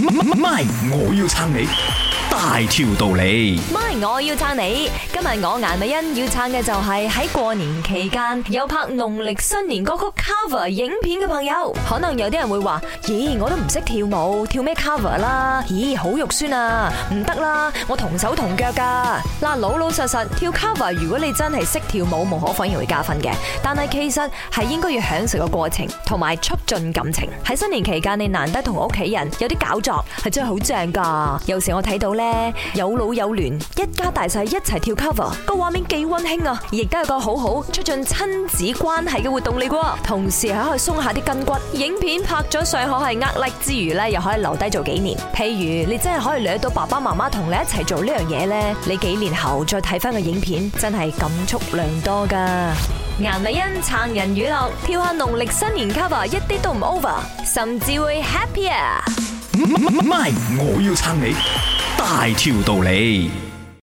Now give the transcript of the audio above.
賣，我要撐你。大條道理，媽，我要撐你。今日我顏美欣要撐嘅就係喺過年期間有拍農曆新年歌曲 cover 影片嘅朋友，可能有啲人會話：咦，我都唔識跳舞，跳咩 cover 啦？咦，好肉酸啊！唔得啦，我同手同腳㗎。嗱，老老實實跳 cover，如果你真係識跳舞，無可否認會加分嘅。但係其實係應該要享受個過程，同埋促進感情。喺新年期間，你難得同屋企人有啲搞作，係真係好正㗎。有時我睇到。咧有老有嫩，一家大細一齊跳 cover，個畫面幾溫馨啊！亦都有個好好促進親子關係嘅活動嚟噶，同時可以鬆下啲筋骨。影片拍咗上可係壓力之餘呢，又可以留低做紀念。譬如你真係可以掠到爸爸媽媽同你一齊做呢樣嘢呢，你幾年後再睇翻個影片，真係感觸良多噶。顏美欣撐人娛樂跳下農曆新年 cover，一啲都唔 over，甚至會 happier。唔，咪，係，我要撐你，大條道理。